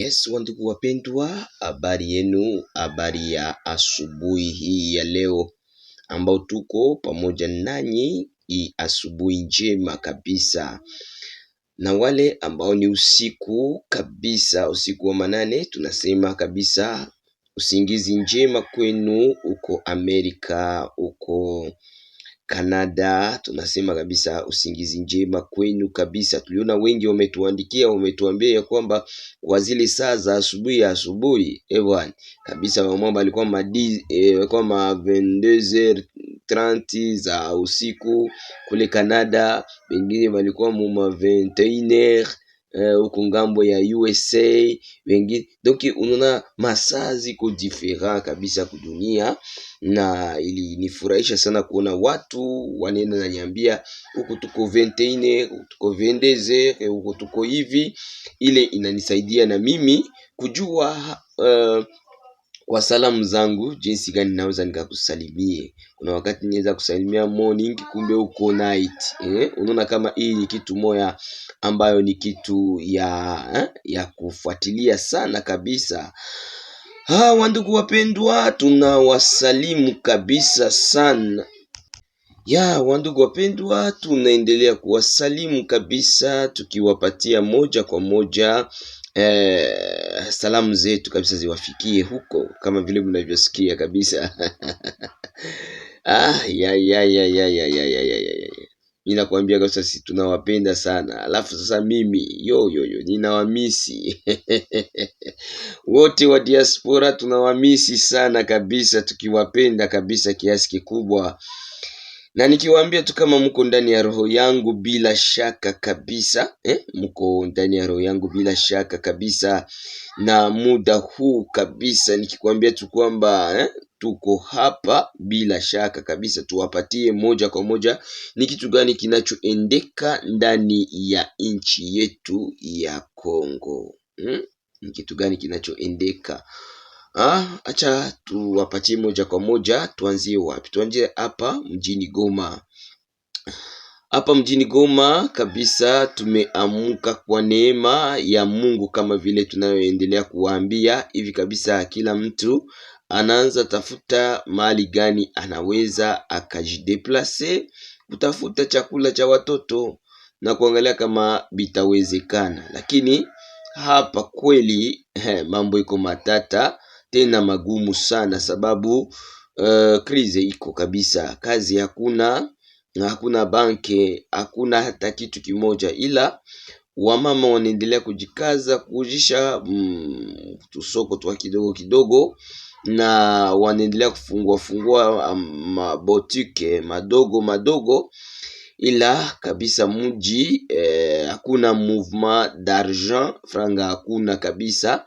Yes, wandugu wapendwa, habari yenu, habari ya asubuhi hii ya leo ambao tuko pamoja nanyi. Hii asubuhi njema kabisa, na wale ambao ni usiku kabisa, usiku wa manane, tunasema kabisa usingizi njema kwenu huko Amerika, huko Canada, tunasema kabisa usingizi njema kwenu kabisa. Tuliona wengi wametuandikia, wametuambia ya kwamba kwa zile saa za asubuhi asubuhi evan eh, kabisa mamwamba alikuwa madi alikuwa ma 22h30 eh, za usiku kule Canada, wengine walikuwa ma 21h Eh, huku uh, ngambo ya USA wengine, donc unaona masaa ziko different kabisa kudunia, na ilinifurahisha sana kuona watu wanaenda naniambia, huku tuko 21 huku tuko 22 huku tuko hivi. Ile inanisaidia na mimi kujua uh, kwa salamu zangu, jinsi gani naweza nikakusalimie. Kuna wakati niweza kusalimia morning kumbe uko night. Eh? Unaona kama hii ni kitu moya ambayo ni kitu ya eh? kufuatilia sana kabisa. Wandugu wapendwa, tunawasalimu kabisa sana. Ya, wandugu wapendwa, tunaendelea kuwasalimu kabisa, tukiwapatia moja kwa moja. Eh, salamu zetu kabisa ziwafikie huko kama vile mnavyosikia kabisa ah, ya, ya, ya, ya, ya, ya, ya, ya, ya. Mi nakwambia kabisa sisi tunawapenda sana, alafu sasa mimi yo yo yo ninawamisi wote wa diaspora tunawamisi sana kabisa, tukiwapenda kabisa kiasi kikubwa na nikiwaambia tu kama mko ndani ya roho yangu bila shaka kabisa eh, mko ndani ya roho yangu bila shaka kabisa, na muda huu kabisa nikikwambia tu kwamba eh, tuko hapa bila shaka kabisa, tuwapatie moja kwa moja ni kitu gani kinachoendeka ndani ya nchi yetu ya Kongo hmm? Ni kitu gani kinachoendeka Acha tuwapatie moja kwa moja, tuanzie wapi? Tuanzie hapa mjini Goma. Hapa mjini Goma kabisa tumeamka kwa neema ya Mungu, kama vile tunayoendelea kuwaambia hivi kabisa, kila mtu anaanza tafuta mali gani anaweza akajideplase kutafuta chakula cha watoto na kuangalia kama bitawezekana, lakini hapa kweli eh, mambo iko matata tena magumu sana sababu uh, krize iko kabisa, kazi hakuna na hakuna banke, hakuna hata kitu kimoja, ila wamama wanaendelea kujikaza kujisha mm, tusoko twa kidogo kidogo, na wanaendelea kufungua fungua mm, mabotike madogo madogo ila kabisa eh, hakuna eh, mouvement d'argent, franga hakuna kabisa.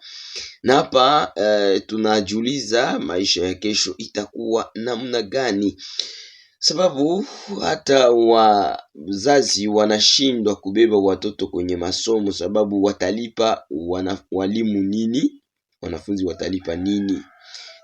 Na hapa eh, tunajiuliza maisha ya kesho itakuwa namna gani, sababu hata wazazi wanashindwa kubeba watoto kwenye masomo, sababu watalipa wana, walimu nini, wanafunzi watalipa nini?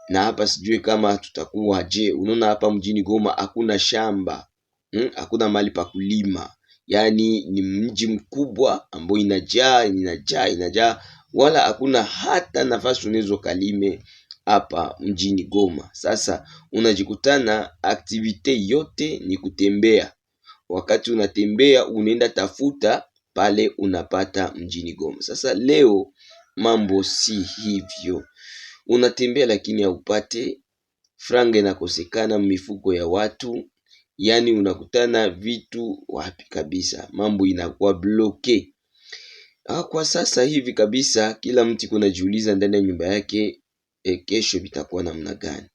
Na hapa sijui kama tutakuwa je, unaona hapa mjini Goma hakuna shamba Hmm, hakuna mahali pa kulima. Yaani ni mji mkubwa ambao inajaa inajaa inajaa, wala hakuna hata nafasi unaweza kalime hapa mjini Goma. Sasa unajikutana aktivite yote ni kutembea. Wakati unatembea unaenda tafuta pale unapata mjini Goma. Sasa leo mambo si hivyo, unatembea lakini haupate franga, inakosekana mifuko ya watu yani unakutana vitu wapi kabisa mambo inakuwa bloke ah, kwa sasa hivi kabisa kila mtu kunajiuliza ndani ya nyumba yake e, kesho vitakuwa namna gani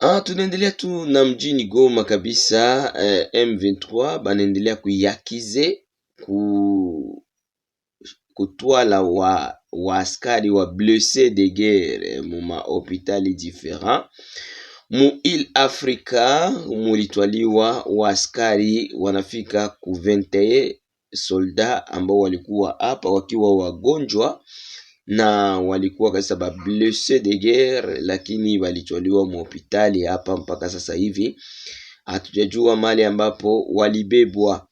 Ah, tunaendelea tu na mjini Goma kabisa eh, M23 banaendelea kuyakize ku kutwala wa waaskari wa, wa blesse de guerre eh, mu mahopitali different Mu il Afrika mulitwaliwa askari wanafika 21 solda ambao walikuwa hapa wakiwa wagonjwa na walikuwa kabisa ba blesse de guerre, lakini walitwaliwa hospitali hapa mpaka sasa hivi hatujajua mali ambapo walibebwa.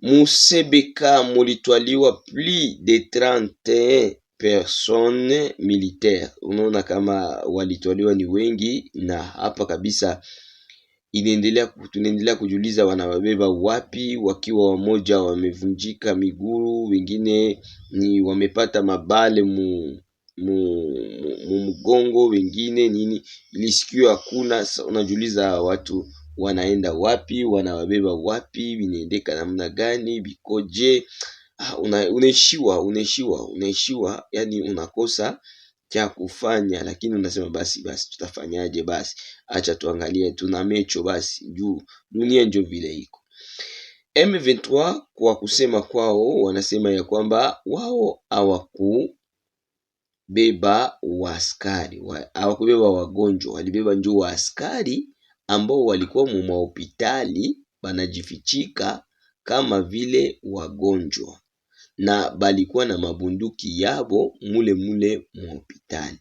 Musebeka mulitwaliwa plus de 31 personne militaire. Unaona kama walitolewa ni wengi, na hapa kabisa inaendelea tunaendelea kujiuliza wanawabeba wapi, wakiwa wamoja wamevunjika miguu, wengine ni wamepata mabale mu mgongo, wengine nini, ilisikio hakuna. Unajiuliza watu wanaenda wapi, wanawabeba wapi, vinaendeka namna gani, vikoje? Ah, unaishiwa unaishiwa unaishiwa, yani unakosa cha kufanya, lakini unasema basi basi, tutafanyaje? Basi acha tuangalie, tuna mecho basi, juu dunia ndio vile iko. M23 kwa kusema kwao wanasema ya kwamba wao hawakubeba waaskari, hawakubeba wagonjwa, walibeba wa askari ambao walikuwa mu mahopitali banajifichika kama vile wagonjwa na balikuwa na mabunduki yabo mule mule muhopitali.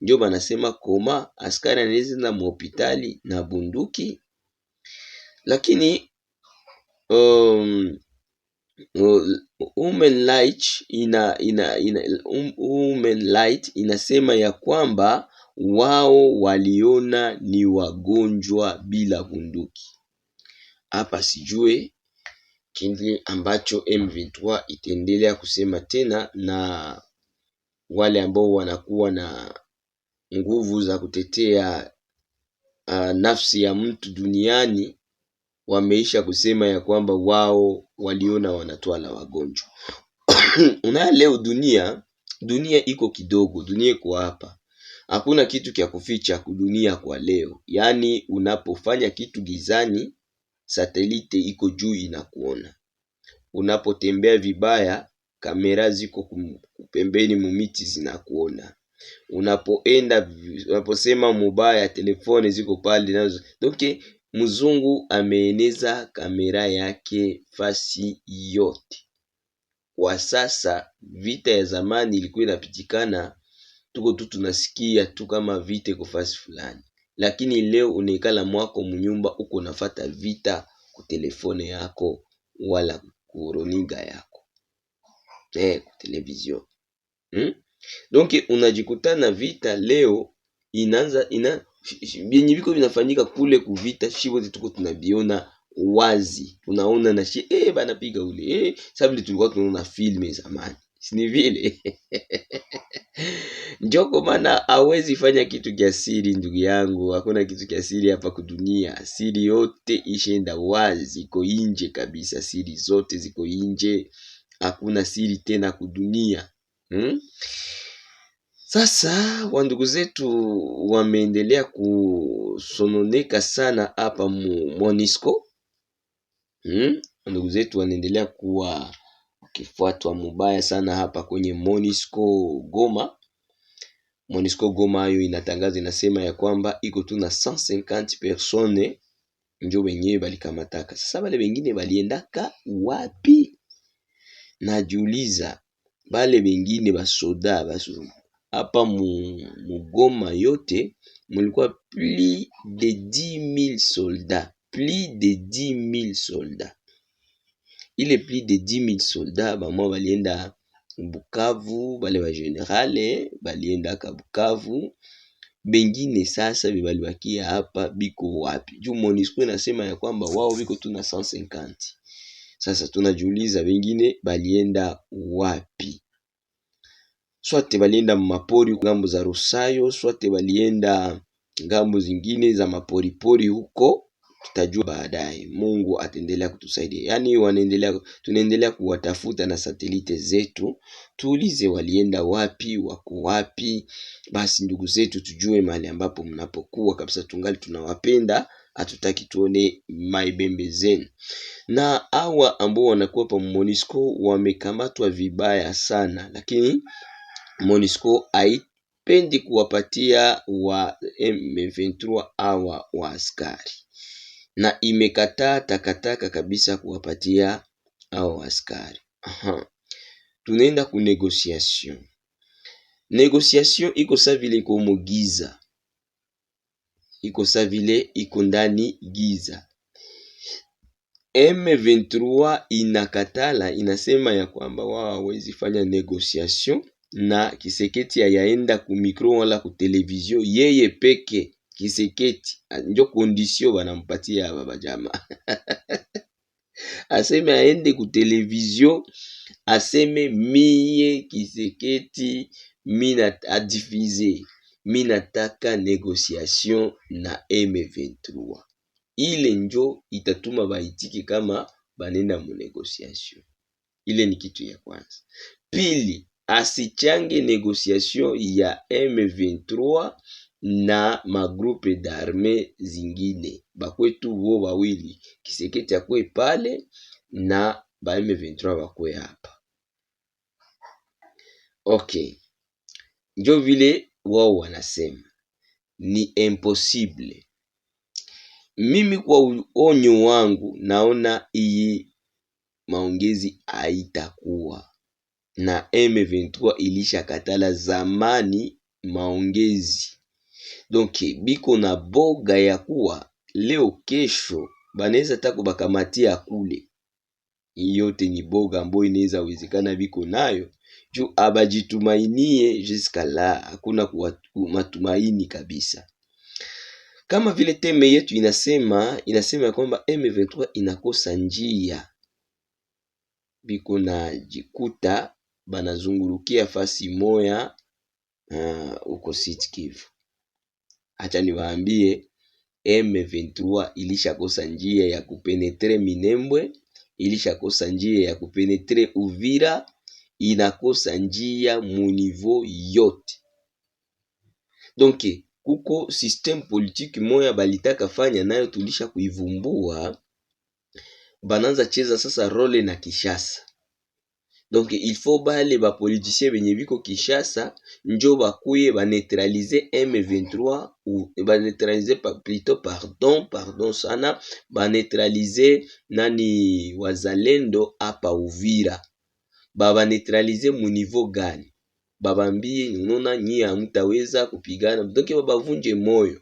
Njo banasema koma askari anaweza enda muhopitali na bunduki, lakini um, Human Light ina, ina, ina, Human Light inasema ya kwamba wao waliona ni wagonjwa bila bunduki. Hapa sijue kile ambacho M23 itaendelea kusema tena na wale ambao wanakuwa na nguvu za kutetea uh, nafsi ya mtu duniani wameisha kusema ya kwamba wao waliona wanatwala wagonjwa. Unaya leo dunia dunia iko kidogo, dunia iko hapa, hakuna kitu kya kuficha kudunia kwa leo. Yaani unapofanya kitu gizani satelite iko juu inakuona. Unapotembea vibaya, kamera ziko pembeni mumiti zinakuona. Unapoenda unaposema mubaya, telefoni ziko pale nazo. Donc mzungu ameeneza kamera yake fasi yote. Kwa sasa vita ya zamani ilikuwa inapitikana, tuko tu tunasikia tu kama vita iko fasi fulani lakini leo unaikala mwako munyumba uko nafata vita kutelefone yako wala kuroniga yako eh, kutelevizio hmm? Donc unajikuta na vita leo inanza ina vyenye viko vinafanyika kule kuvita, shi wote tuko tunaviona wazi, unaona na shi eh, banapiga ule eh, sababu tulikuwa tunaona filme zamani ni vile njoko, maana awezi fanya kitu kia siri. Ndugu yangu, hakuna kitu kia siri hapa kudunia. Siri yote ishenda wazi, iko inje kabisa. Siri zote ziko inje, hakuna siri tena kudunia, hmm? Sasa wandugu zetu wameendelea kusononeka sana hapa mu Monisco, hmm? Wandugu zetu wanaendelea kuwa akifuatwa mubaya sana hapa kwenye Monisco Goma. Monisco Goma hayo inatangaza inasema ya kwamba iko tu na 150 persone njo wenyewe balikamataka. Sasa bale bengine baliendaka wapi? Najiuliza, bale bengine basoda basu hapa mu mugoma yote mulikuwa plus de 10000 soldats, plus de 10000 soldats ile pli de 10000 soldats bamwa balienda Bukavu, bale ba generale baliendaka Bukavu, bengine sasa bebalibakia hapa biko wapi? Juu MONUSCO inasema ya kwamba wao biko tu na 150. Sasa tunajiuliza bengine balienda wapi? Swate balienda mapori ngambo za Rusayo, swate balienda ngambo zingine za maporipori huko tutajua baadaye, Mungu ataendelea kutusaidia. Yaani wanaendelea, tunaendelea kuwatafuta na satelite zetu, tuulize walienda wapi, wako wapi. Basi ndugu zetu, tujue mahali ambapo mnapokuwa kabisa, tungali tunawapenda hatutaki tuone maibembe zenu. Na hawa ambao wanakuwa pa Monisco wamekamatwa vibaya sana, lakini MONUSCO haipendi kuwapatia wa M23 hawa wa askari na imekataa takataka kabisa kuwapatia hao askari. Aha. Tunaenda ku negotiation. Negotiation iko sa vile iko mugiza, iko sa vile iko ndani giza. M23 inakatala, inasema ya kwamba wao hawezi fanya negotiation na Kiseketi hayaenda ku mikro wala ku televizio, yeye peke Kiseketi ah, njo kondisio wanampatia baba jamaa aseme aende ku televizio aseme miye Kiseketi mina adifize mi nataka negociation na M23. Ile njo itatuma baitiki kama banenda mu negociation. Ile ni kitu ya kwanza. Pili, asichange negociation ya M23 na magrupe darme zingine bakwetu wo bawili Kiseketi akwe pale na ba M23 bakwe hapa. Okay, njo vile wao wanasema ni impossible. Mimi kwa onyo wangu naona iyi maongezi haitakuwa na M23 ilishakatala zamani maongezi donc biko na boga ya kuwa leo kesho banaweza tako bakamatia kule. Yote ni boga ambayo inaweza wezekana biko nayo juu abajitumainie jusqu'à là hakuna matumaini kabisa. Kama vile teme yetu inasema inasema kwamba M23 inakosa njia, biko na jikuta banazungurukia fasi moya uh, uko Sud Kivu Acha niwaambie M23 ilishakosa njia ya kupenetre Minembwe, ilishakosa njia ya kupenetre Uvira, inakosa njia munivo yote. Donc kuko system politique moya balitaka fanya nayo tulisha kuivumbua, bananza cheza sasa role na Kishasa donc ilfo bale bapolitisien benye biko Kinshasa njo bakuye banetralize M23 ou banetralize plutôt pardon pardon sana banetralize nani wazalendo apa Uvira ba babanetralize munivo gani? babambi nonona nyie hamtaweza kupigana, donc bavunje moyo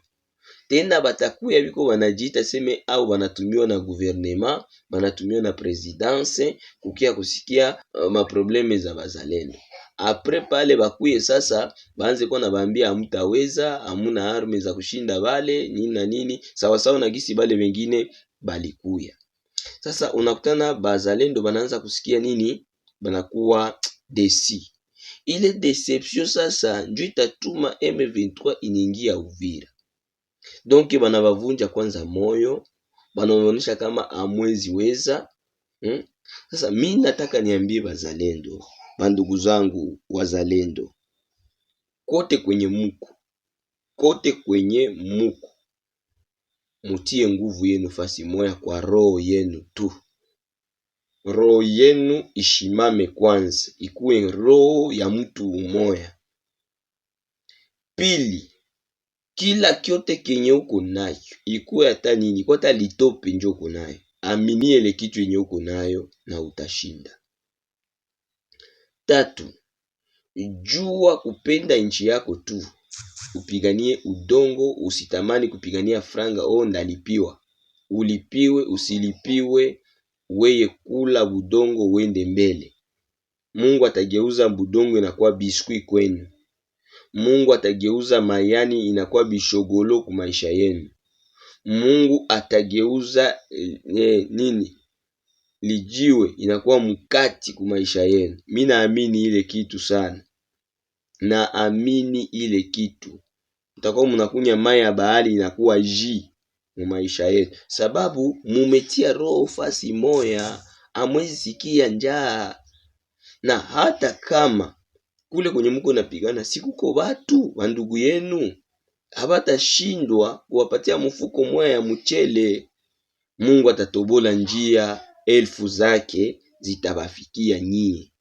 tena batakuya biko banajita seme au banatumiwa na guvernema, banatumiwa na presidence kukia kusikia uh, maprobleme za bazalendo. Apre pale bakuye sasa baanze kuwa bambia amutaweza, amuna arme za kushinda bale nini na nini, sawasawa na gisi bale wengine balikuya. Sasa unakutana bazalendo banaanza kusikia nini, banakuwa desi ile deception sasa njo itatuma M23 iningia Uvira bana banabavunja kwanza moyo, banaonyesha kama amwezi weza hmm? Sasa mi nataka niambie bazalendo, bandugu zangu wazalendo, kote kwenye muku, kote kwenye muku, mutie nguvu yenu fasi moya kwa roho yenu tu roho yenu ishimame kwanza, ikuwe roho ya mtu umoya. Pili, kila kyote kenye uko nayo, ikuwe hata nini, kwata litope nje uko nayo, amini ile kitu yenye uko nayo na utashinda. Tatu, jua kupenda nchi yako tu, upiganie udongo, usitamani kupigania franga. O, oh, ndalipiwa, ulipiwe usilipiwe, weye kula budongo, uende mbele. Mungu atageuza budongo inakuwa biskuit kwenu. Mungu atageuza mayani inakuwa bishogolo ku maisha yenu. Mungu atageuza e, nini lijiwe inakuwa mkati ku maisha yenu. Mi naamini ile kitu sana, naamini ile kitu. Mtakuwa mnakunya mai ya bahari inakuwa ji mu maisha yenu, sababu mumetia roho fasi moya, amwezi sikia njaa na hata kama kule kwenye mko napigana, sikuko batu bandugu yenu habatashindwa kuwapatia mfuko mwa ya mchele. Mungu atatobola njia, elfu zake zitabafikia nyie.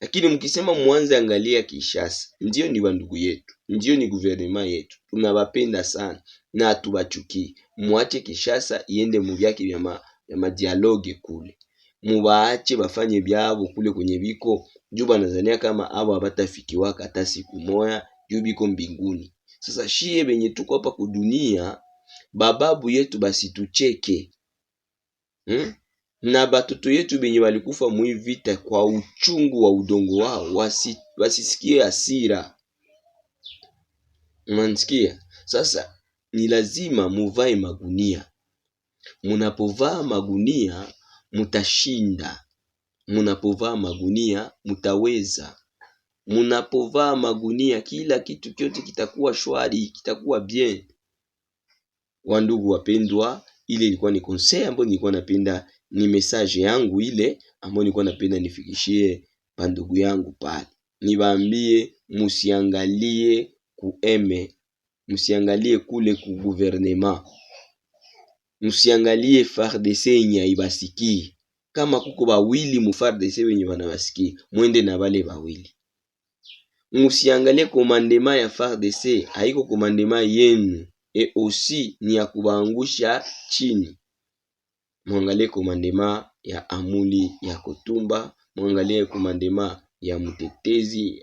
Lakini mkisema mwanze angalia kishasa ndio ni bandugu yetu, ndio ni guvernema yetu, tunabapenda sana na hatubachukii. Mwache kishasa iende muvyake vya madialoge kule mubaache bafanye byabo kule kwenye biko juu banazania kama abo abatafikiwaka hata siku moya juu biko mbinguni. Sasa shie benye tuko hapa kudunia, bababu yetu basitucheke hmm? na batoto yetu benye balikufa mwi vita kwa uchungu wa udongo wao wasi, wasisikie asira Mnanisikia? Sasa ni lazima muvae magunia. Munapovaa magunia mutashinda. Munapovaa magunia mutaweza. Munapovaa magunia, kila kitu kyote kitakuwa shwari, kitakuwa bien. Wandugu wapendwa, ile ilikuwa ni conseil ambayo nilikuwa napenda, ni message yangu ile ambayo nilikuwa napenda nifikishie bandugu yangu pale, nibaambie musiangalie kueme, musiangalie kule kuguvernema musiangalie FARDC yenye haibasikie. Kama kuko bawili mu FARDC wenye banabasikie, mwende na bale bawili. Musiangalie komandema ya FARDC haiko komandema yenu, e osi ni ya kubaangusha chini. Mwangalie komandema ya amuli ya kutumba, mwangalie komandema ya mtetezi,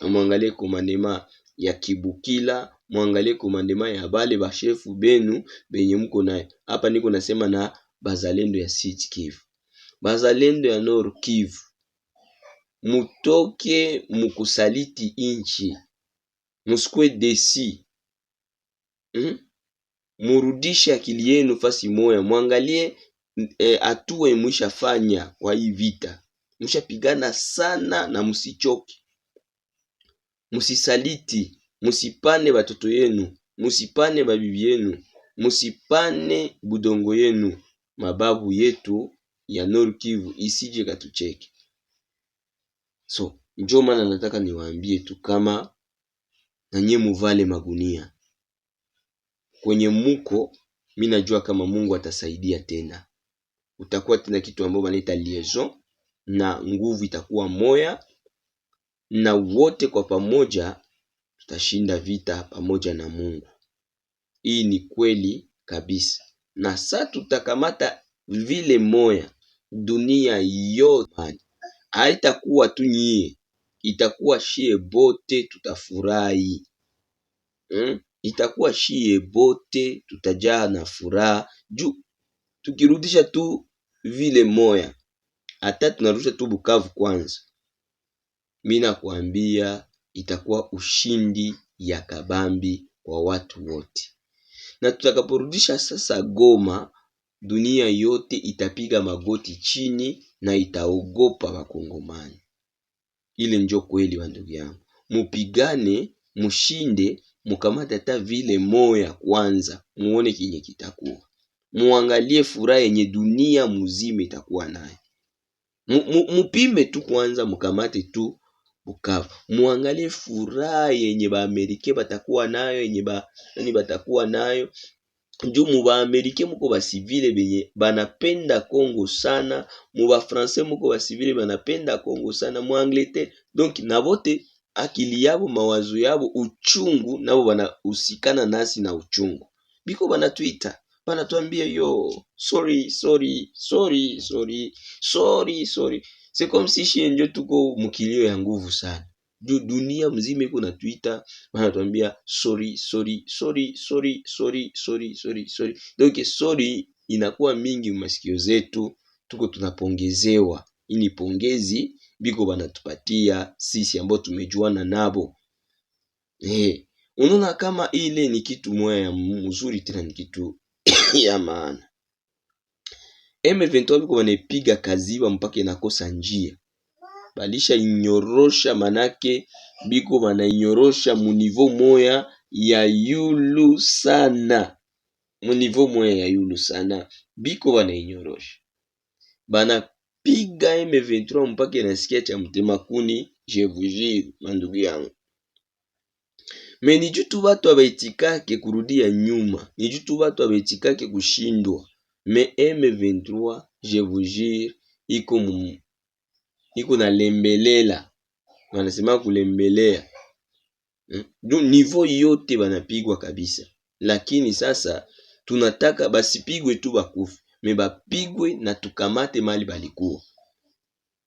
mwangalie komandema ya kibukila mwangalie komandema ya bale bashefu benu benye mko naye. Hapa niko nasema na bazalendo ya Sud Kivu, bazalendo ya Nord Kivu, mutoke mukusaliti inchi, musikwe desi hmm? Murudishe akili yenu fasi moya, mwangalie eh, atue atue mwishafanya kwa hii vita, pigana sana na musichoke, musisaliti musipane batoto yenu, musipane babibi yenu, musipane budongo yenu. Mababu yetu ya Nord Kivu isije katucheke. So njo maana nataka niwaambie tu kama nanye muvale magunia kwenye muko, mi najua kama Mungu atasaidia tena, utakuwa tena kitu ambayo wanaita liaison, na nguvu itakuwa moya na wote kwa pamoja utashinda vita pamoja na Mungu. Hii ni kweli kabisa, na sa tutakamata vile moya, dunia yote haitakuwa tu nyie, itakuwa shie bote tutafurahi hmm? Itakuwa shie bote tutajaa na furaha juu tukirudisha tu vile moya, hata tunarudisha tu Bukavu kwanza, mina kuambia itakuwa ushindi ya kabambi kwa watu wote, na tutakaporudisha sasa Goma, dunia yote itapiga magoti chini na itaogopa Wakongomani. Ile njo kweli wa ndugu yangu, mupigane, mushinde, mukamate hata vile moya kwanza, muone kinye kitakuwa, muangalie furaha yenye dunia muzima itakuwa naye, mupime tu kwanza, mukamate tu Bukavu. Muangalie furaha yenye baamerike batakuwa nayo yenye ba nani batakuwa nayo juu mubaamerike muko basivile benye banapenda Kongo sana, mubafranse muko civile banapenda Kongo sana, Angleterre donc na bote akili yabo mawazo yabo uchungu nabo banahusikana nasi na uchungu, biko banatuita banatuambia yo sorry sorry sorry sorry sorry sorry C'est comme si shie ndio tuko mkilio ya nguvu sana juu dunia mzima iko na Twitter, wanatuambia sorry sorry sorry sorry sorry sorry sorry sorry. Donc sorry inakuwa mingi masikio zetu, tuko tunapongezewa. Ini pongezi biko banatupatia sisi ambao tumejuana nabo. Eh, unaona kama ile ni kitu moya ya mzuri, tena ni kitu ya maana. M23 biko banaipiga kaziba mpaka inakosa njia, balisha inyorosha, manake biko banainyorosha munivo moya ya yulu sana, munivo moya ya yulu sana, biko banainyorosha, banapiga M23 mpaka inasikia cha mtema kuni. Je vous jure mandugu yangu me nijutu jutu batu abaitikake kurudia nyuma, nijutu jutu batu abaitikake kushindwa Mais M23, je vous jure, iko iko na lembelela, wanasema kulembelea hmm? Donc niveau yote banapigwa kabisa, lakini sasa tunataka basipigwe tu bakufi, me bapigwe na tukamate mali balikuwa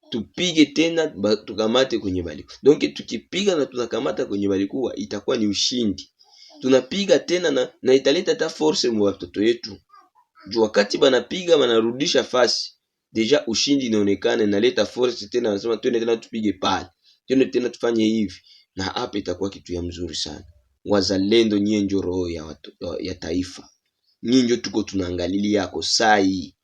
tupige tena ba, tukamate kwenye balikuwa. Donc tukipiga na tunakamata kwenye balikuwa itakuwa ni ushindi. Tunapiga tena na, na italeta ta force mu watoto yetu juu wakati banapiga banarudisha fasi deja ushindi inaonekana inaleta force tena, wanasema twende tena tupige pale, twende tena tufanye hivi, na hapa itakuwa kitu ya mzuri sana. Wazalendo nyie ndio roho ya, ya taifa, nyie ndio tuko tunaangalilia yako sai.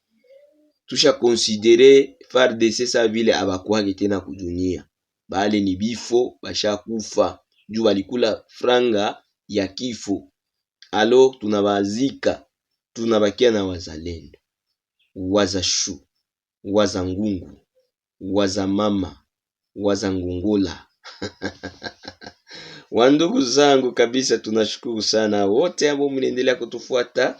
Tusha konsidere FARDC sa vile abakwake tena kudunia, bali ni bifo bashakufa juu walikula franga ya kifo, alo tunabazika tunabakia na wazalendo, wazashu, wazangungu, wazamama, wazangungula Wandugu zangu kabisa, tunashukuru sana wote ambao mnaendelea kutufuata.